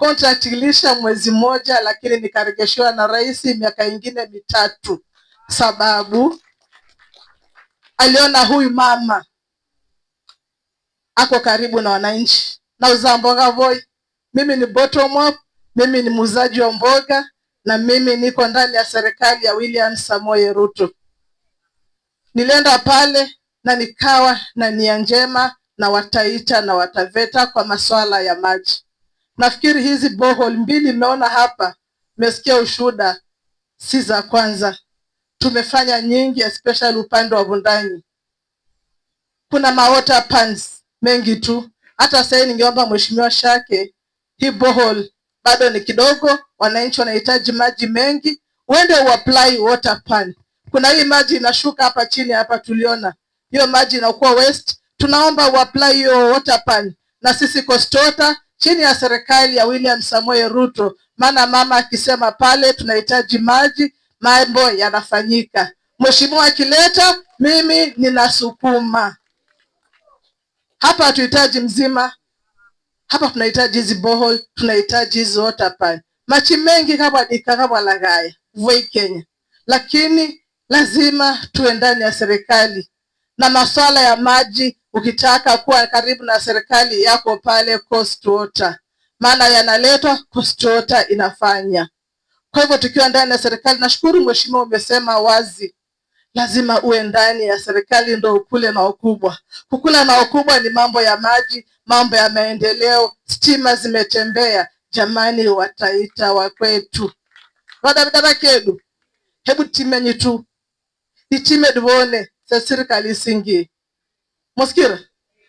Contract ilisha mwezi mmoja, lakini nikaregeshewa na rais miaka ingine mitatu, sababu aliona huyu mama ako karibu na wananchi. uza mboga boy, mimi ni bottom up, mimi ni muuzaji wa mboga na mimi niko ndani ya serikali ya William Samoei Ruto. Nilienda pale na nikawa na nia njema na wataita na wataveta kwa masuala ya maji. Nafikiri hizi borehole mbili mnaona hapa, mmesikia ushuda, si za kwanza. Tumefanya nyingi, especially upande wa Bundani kuna mawota pans mengi tu. Hata sasa ningeomba mheshimiwa Shake, hii borehole bado ni kidogo, wananchi wanahitaji maji mengi, uende uapply water pan. Kuna hii maji inashuka hapa chini hapa, tuliona hiyo maji inakuwa waste. Tunaomba uapply hiyo water pan na sisi Coastwater chini ya serikali ya William Samoei Ruto, maana mama akisema pale tunahitaji maji, mambo yanafanyika. Mheshimiwa akileta, mimi ninasukuma. Hapa hatuhitaji mzima, hapa tunahitaji hizi boho tunahitaji hizi water pipe. Machi mengi kama dikakabwa lagaya Voi Kenya, lakini lazima tuwe ndani ya serikali na masuala ya maji, ukitaka kuwa karibu na serikali yako pale Coast Water, maana yanaletwa Coast Water inafanya. Kwa hivyo tukiwa ndani ya serikali, nashukuru mheshimiwa, umesema wazi lazima uwe ndani ya serikali ndo ukule na ukubwa. Kukula na ukubwa ni mambo ya maji, mambo ya maendeleo, stima zimetembea. Jamani, wataita wakwetu wadabidaba kedu hebu timenyi tu itime duone za serikali isingie musikira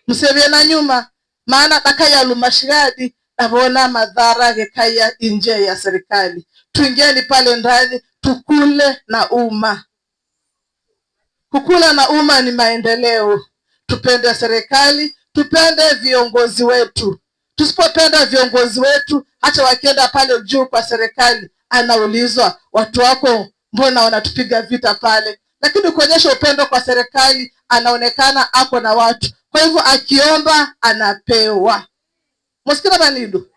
musevye na nyuma maana dakaya lumashiradi avona madhara gekaya inje ya serikali. Tuingieni pale ndani tukule na umma. Kukula na umma ni maendeleo. Tupende serikali, tupende viongozi wetu. Tusipopenda viongozi wetu, hata wakienda pale juu kwa serikali, anaulizwa watu wako mbona wanatupiga vita pale? lakini kuonyesha upendo kwa serikali, anaonekana ako na watu, kwa hivyo akiomba anapewa. mwasikira manindu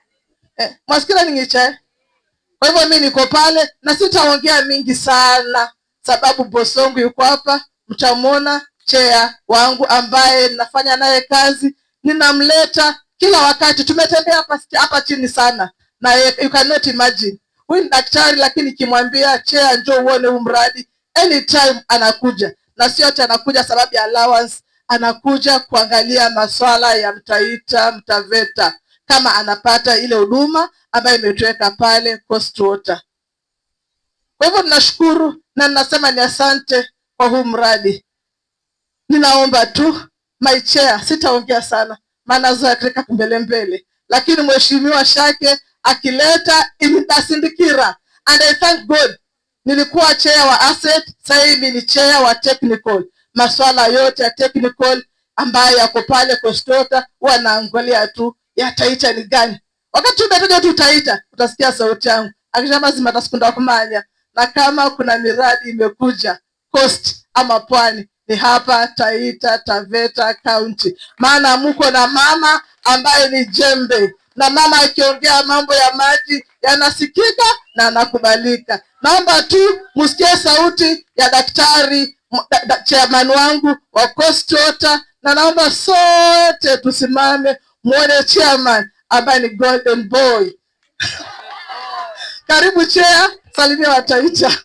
eh, mwasikira ningiche. Kwa hivyo mi niko pale na sitaongea mingi sana, sababu bosongu yuko hapa, mtamwona chea wangu ambaye nafanya naye kazi, ninamleta kila wakati. Tumetembea hapa hapa chini sana na you cannot imagine huyu ni daktari, lakini kimwambia chea, njoo uone huu mradi anytime anakuja, na sio ati anakuja sababu ya allowance, anakuja kuangalia maswala ya mtaita mtaveta, kama anapata ile huduma ambayo imetoweka pale Coast Water. Kwa hivyo ninashukuru na ninasema ni asante kwa huu mradi. Ninaomba tu my chair, sitaongea sana maana zoakrika kumbele mbele, lakini mheshimiwa Shake akileta inasindikira and I thank God Nilikuwa chair wa asset, sasa hivi ni chair wa technical. Masuala yote ya technical ambayo yako pale kwa Stota wanaangalia tu yataita ni gani. Wakati utataja tu taita, utasikia sauti yangu. Akisha mazima tasikunda kumanya. Na kama kuna miradi imekuja coast ama pwani ni hapa Taita Taveta County, maana mko na mama ambaye ni jembe na mama akiongea mambo ya maji yanasikika na anakubalika. Naomba tu msikie sauti ya daktari da, da, chairman wangu wa Coast Water, na naomba sote tusimame muone chairman ambaye ni golden boy. Karibu chair, salimia Wataita.